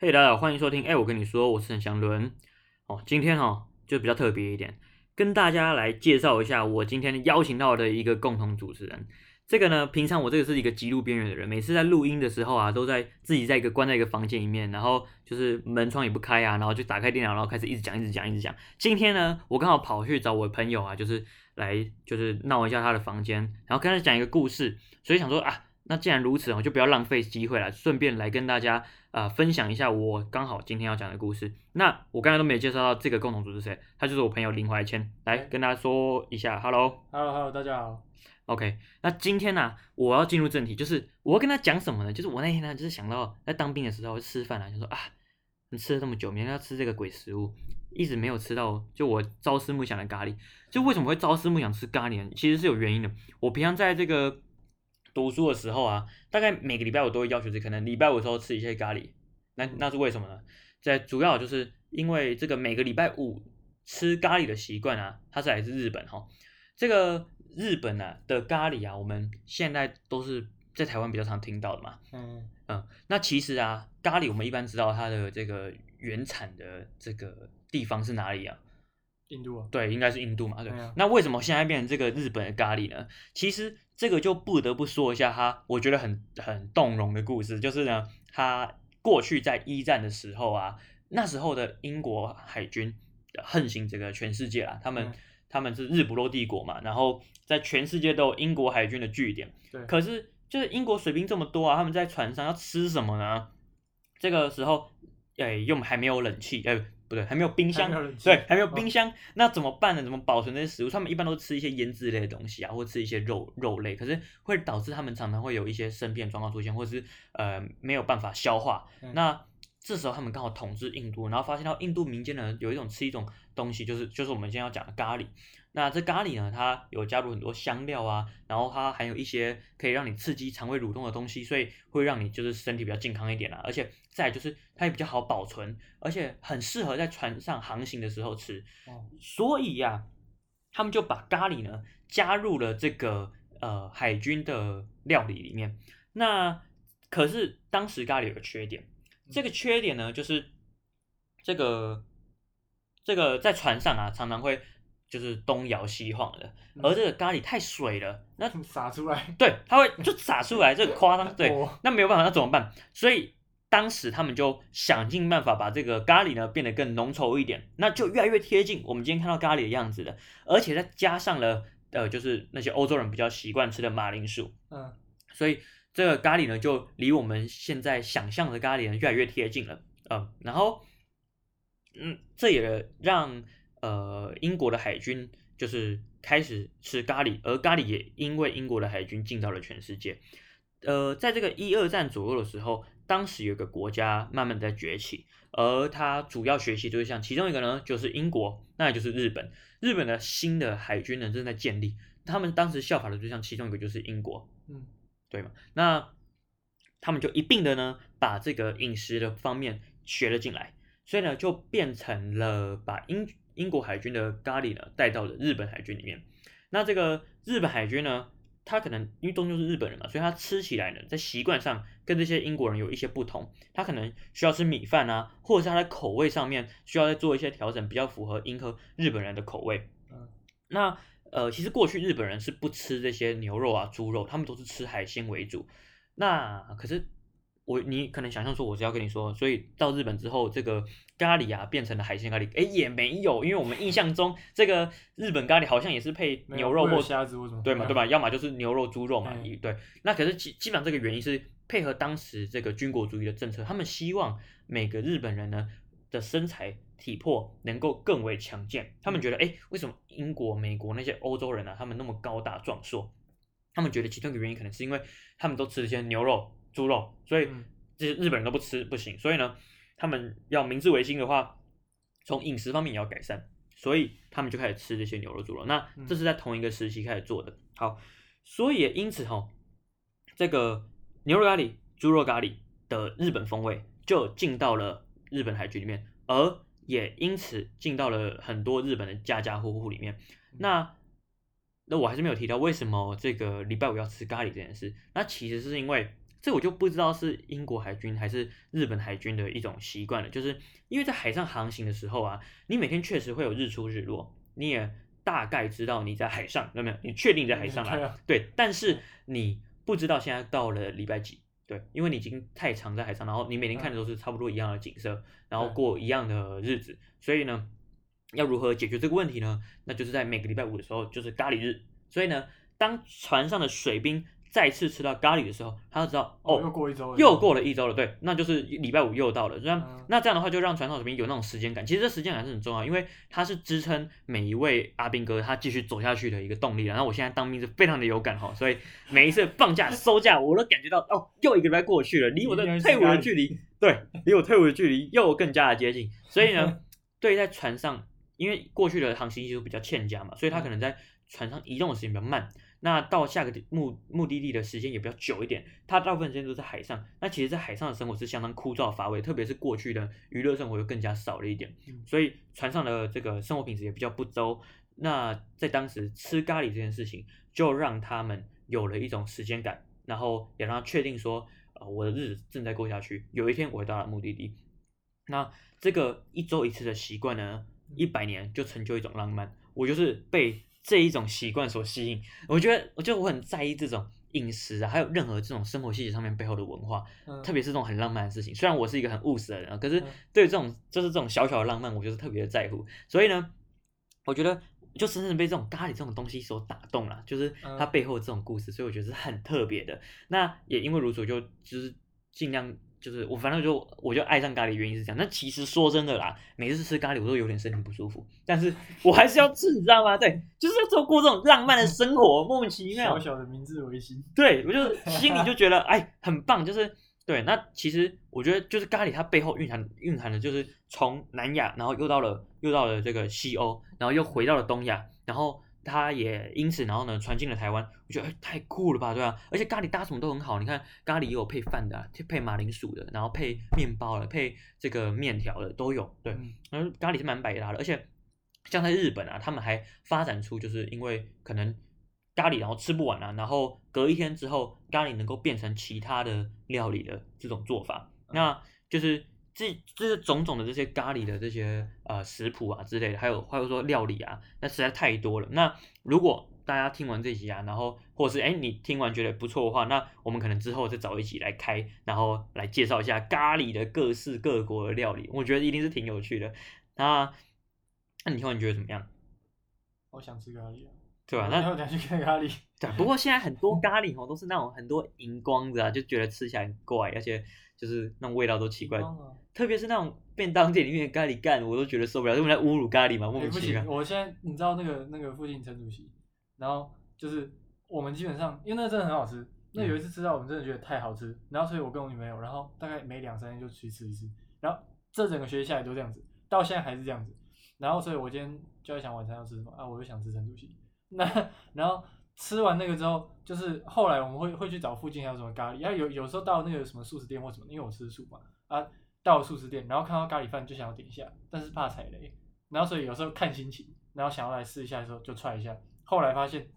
嘿，hey, 老，大家好，歡迎收聽。哎、欸，我跟你說，我是沈祥倫。哦，今天哈、哦、就比較特別一點，跟大家來介紹一下我今天邀請到的一個共同主持人。這個呢，平常我這個是一個極度邊緣的人，每次在錄音的時候啊，都在自己在一個關在一個房間裡面，然後就是門窗也不開啊，然後就打開電腦，然後開始一直講，一直講，一直講。今天呢，我剛好跑去找我朋友啊，就是來就是鬧一下他的房間，然後跟他講一個故事，所以想說啊。那既然如此，我就不要浪費機會了，順便來跟大家、呃、分享一下我剛好今天要講的故事。那我剛才都沒有介紹到這個共同主持人，他就是我朋友林懷謙，來跟大家說一下，Hello，Hello，Hello，hello, hello, 大家好，OK。那今天呢、啊，我要進入正題，就是我要跟他講什麼呢？就是我那天呢、啊，就是想到在當兵的時候我吃飯了、啊，就說啊，你吃了這麼久，明天要吃這個鬼食物，一直沒有吃到，就我朝思暮想的咖喱。就為什麼會朝思暮想吃咖喱呢？其實是有原因的，我平常在這個。讀書的時候啊，大概每個禮拜我都會要求自己可能禮拜五的時候吃一些咖喱，那那是為什麼呢？在主要就是因為這個每個禮拜五吃咖喱的習慣啊，它是來自日本哈、哦。這個日本啊的咖喱啊，我們現在都是在台灣比較常聽到的嘛。嗯嗯，那其實啊，咖喱我們一般知道它的這個原產的這個地方是哪裡啊？印度啊？對，應該是印度嘛。對。嗯、那為什麼現在變成這個日本的咖喱呢？其實。這個就不得不說一下他，我覺得很很動容的故事，就是呢，他過去在一戰的時候啊，那時候的英國海軍橫行這個全世界啊，他們他、嗯、們是日不落帝國嘛，然後在全世界都有英國海軍的據點，對可是就是英國水兵這麼多啊，他們在船上要吃什麼呢？這個時候，哎，又還沒有冷氣，誒不對，還沒有冰箱，對，還沒有冰箱，哦、那怎麼辦呢？怎麼保存那些食物？他們一般都吃一些醃製類的東西啊，或吃一些肉肉類，可是會導致他們常常會有一些生病狀況出現，或者是呃沒有辦法消化。嗯、那這時候他們剛好統治印度，然後發現到印度民間的人有一種吃一種東西，就是就是我們今天要講的咖哩。那這咖喱呢，它有加入很多香料啊，然後它還有一些可以讓你刺激腸胃蠕動的東西，所以會讓你就是身體比較健康一點啊，而且再就是它也比較好保存，而且很適合在船上航行的時候吃。哦，所以呀、啊，他們就把咖喱呢加入了這個呃海軍的料理裡面。那可是當時咖喱有個缺點，嗯、這個缺點呢就是這個這個在船上啊常常會。就是東搖西晃的，而這個咖喱太水了，那撒出來，對，它會就灑出來，這 誇張，對，那沒有辦法，那怎麼辦？所以當時他們就想盡辦法把這個咖喱呢變得更濃稠一點，那就越來越貼近我們今天看到咖喱的樣子了，而且再加上了，呃，就是那些歐洲人比較習慣吃的馬鈴薯，嗯，所以這個咖喱呢就離我們現在想象的咖喱呢越來越貼近了，嗯、呃，然後，嗯，這也讓。呃，英國的海軍就是開始吃咖喱，而咖喱也因為英國的海軍進到了全世界。呃，在這個一二戰左右的時候，當時有個國家慢慢在崛起，而它主要學習對象其中一個呢就是英國，那也就是日本。日本的新的海軍呢正在建立，他們當時效法的對象其中一個就是英國。嗯，對嗎？那他們就一併的呢把這個飲食的方面學了進來，所以呢就變成了把英。英國海軍的咖喱呢，帶到了日本海軍裡面。那這個日本海軍呢，他可能因為終究是日本人嘛，所以他吃起來呢，在習慣上跟這些英國人有一些不同。他可能需要吃米飯啊，或者是他的口味上面需要再做一些調整，比較符合迎合日本人的口味。嗯，那呃，其實過去日本人是不吃這些牛肉啊、豬肉，他們都是吃海鮮為主。那可是。我你可能想象說，我只要跟你說，所以到日本之後，這個咖喱啊變成了海鮮咖喱。哎、欸，也沒有，因為我們印象中這個日本咖喱好像也是配牛肉或蝦子麼、啊對，對嘛，對吧？要麼就是牛肉、豬肉嘛。對，對，那可是基基本上這個原因是配合當時這個軍國主義的政策，他們希望每個日本人呢的身材體魄能夠更為強健。嗯、他們覺得，哎、欸，為什麼英國、美國那些歐洲人啊，他們那麼高大壯碩？他們覺得其中一個原因可能是因為他們都吃了些牛肉。豬肉，所以這些日本人都不吃不行，所以呢，他們要明治維新的話，從飲食方面也要改善，所以他們就開始吃這些牛肉、豬肉。那這是在同一個時期開始做的。好，所以也因此哈，這個牛肉咖喱、豬肉咖喱的日本風味就進到了日本海軍裡面，而也因此進到了很多日本的家家戶戶裡面。那那我還是沒有提到為什麼這個禮拜五要吃咖喱這件事。那其實是因為。這我就不知道是英國海軍還是日本海軍的一種習慣了，就是因為在海上航行的時候啊，你每天確實會有日出日落，你也大概知道你在海上，有沒有？你確定你在海上了、啊、對。但是你不知道現在到了禮拜幾？對，因為你已經太長在海上，然後你每天看的都是差不多一樣的景色，然後過一樣的日子，所以呢，要如何解決這個問題呢？那就是在每個禮拜五的時候，就是咖哩日。所以呢，當船上的水兵，再次吃到咖喱的時候，他就知道哦，又過一周了，又過了一周了，對，那就是禮拜五又到了，這樣、嗯、那這樣的話就讓船上的兵有那種時間感。其實這時間感是很重要，因為它是支撐每一位阿兵哥他繼續走下去的一個動力。然後我現在當兵是非常的有感哈，所以每一次放假 收假，我都感覺到哦，又一個禮拜過去了，離我的退伍的距離， 對，離我退伍的距離又更加的接近。所以呢，對，在船上，因為過去的航行技術比較欠佳嘛，所以他可能在船上移動的時間比較慢。那到下個目目的地的時間也比較久一點，他大部分時間都在海上。那其實，在海上的生活是相當枯燥乏味，特別是過去的娛樂生活又更加少了一點，所以船上的這個生活品質也比較不周。那在當時吃咖喱這件事情，就讓他們有了一種時間感，然後也讓他確定說，呃，我的日子正在過下去，有一天我會到達目的地。那這個一周一次的習慣呢，一百年就成就一種浪漫。我就是被。這一種習慣所吸引，我覺得，我覺得我很在意這種飲食啊，還有任何這種生活細節上面背後的文化，嗯、特別是這種很浪漫的事情。雖然我是一個很務實的人、啊，可是對這種、嗯、就是這種小小的浪漫，我就是特別的在乎。所以呢，我覺得就深深被這種咖喱這種東西所打動了、啊，就是它背後這種故事，所以我覺得是很特別的。那也因為如此就，就就是盡量。就是我，反正就我就愛上咖喱，原因是這樣。那其實說真的啦，每次吃咖喱，我都有點身體不舒服，但是我還是要吃，你知道嗎？ 對，就是要過這種浪漫的生活，莫名其妙。小小的明治維新。對，我就心裡就覺得哎很棒，就是對。那其實我覺得就是咖喱，它背後蘊含蘊含的就是從南亞，然後又到了又到了這個西歐，然後又回到了東亞，然後。他也因此，然後呢，傳進了台灣，我覺得、欸、太酷了吧，對啊，而且咖喱搭什麼都很好，你看咖喱也有配飯的、啊，配馬鈴薯的，然後配麵包的，配這個麵條的都有，對，然後咖喱是蠻百搭的，而且像在日本啊，他們還發展出就是因為可能咖喱然後吃不完啊，然後隔一天之後咖喱能夠變成其他的料理的這種做法，那就是。這這、就是、種種的這些咖喱的這些呃食譜啊之類的，還有還有說料理啊，那實在太多了。那如果大家聽完這集啊，然後或是哎你聽完覺得不錯的話，那我們可能之後再找一集來開，然後來介紹一下咖喱的各式各國的料理，我覺得一定是挺有趣的。那那你聽完你覺得怎麼樣？我想吃咖喱。對吧、啊？那想去看咖喱。 對，不過現在很多咖喱哦，都是那種很多熒光的、啊，就覺得吃起來很怪，而且就是那種味道都奇怪。啊、特別是那種便當店裡面的咖喱乾，我都覺得受不了，因為在侮辱咖喱嘛，莫名其妙。我現在你知道那個那個附近陳主席，然後就是我們基本上因為那真的很好吃，那有一次吃到我們真的覺得太好吃，嗯、然後所以我跟我女朋友，然後大概每兩三天就去吃一次，然後這整個學期下來都這樣子，到現在還是這樣子。然後所以我今天就在想晚餐要吃什麼啊，我又想吃陳主席。那然後吃完那個之後，就是後來我們會會去找附近還有什麼咖喱，然後，啊，有有時候到那個什麼素食店或什麼，因為我吃素嘛，啊，到了素食店，然後看到咖喱飯就想要點一下，但是怕踩雷，然後所以有時候看心情，然後想要來試一下的時候就踹一下，後來發現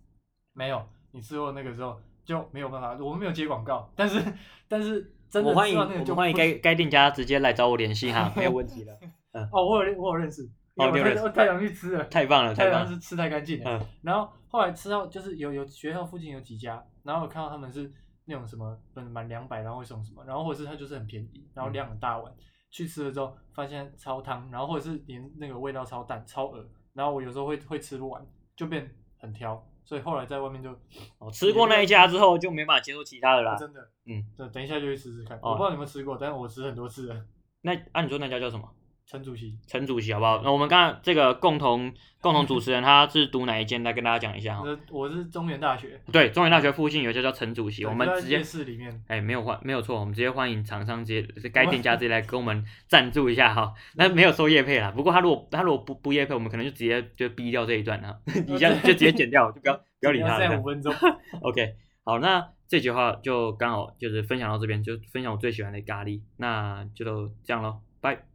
沒有，你吃過那個之後就沒有辦法。我們沒有接廣告，但是但是真的，我歡迎我歡迎該該店家直接來找我聯繫哈， 沒有問題的，嗯，哦，我有我有認識。哦，太想去吃了，太棒了，太棒了，是吃太乾淨了。然後後來吃到就是有有學校附近有幾家，然後我看到他們是那種什麼滿兩百然後會送什麼，然後或者是它就是很便宜，然後量很大碗。去吃了之後發現超湯，然後或者是連那個味道超淡、超惡，然後我有時候會會吃不完，就變很挑，所以後來在外面就，我吃過那一家之後就沒法接受其他的了。真的，嗯，對，等一下就去試試看，我不知道你們吃過，但是我吃很多次了。那按你說那家叫什麼？陳主席，陳主席好不好？那我們剛剛這個共同、共同主持人他是讀哪一間 來跟大家講一下？我，我是中原大學。對，中原大學附近有一家叫陳主席。對我們直接在夜市裡面。哎，沒有錯，沒有錯，我們直接歡迎廠商直接，該店家直接來跟我們贊助一下哈。那 沒有收業配啦。不過他如果他如果不不業配，我們可能就直接就 B 掉這一段了，底我對 下就直接剪掉，就不要不要理他了。再五分鐘 ，OK，好，那這句話就剛好就是分享到這邊，就分享我最喜歡的咖喱，那就這樣嘍，拜。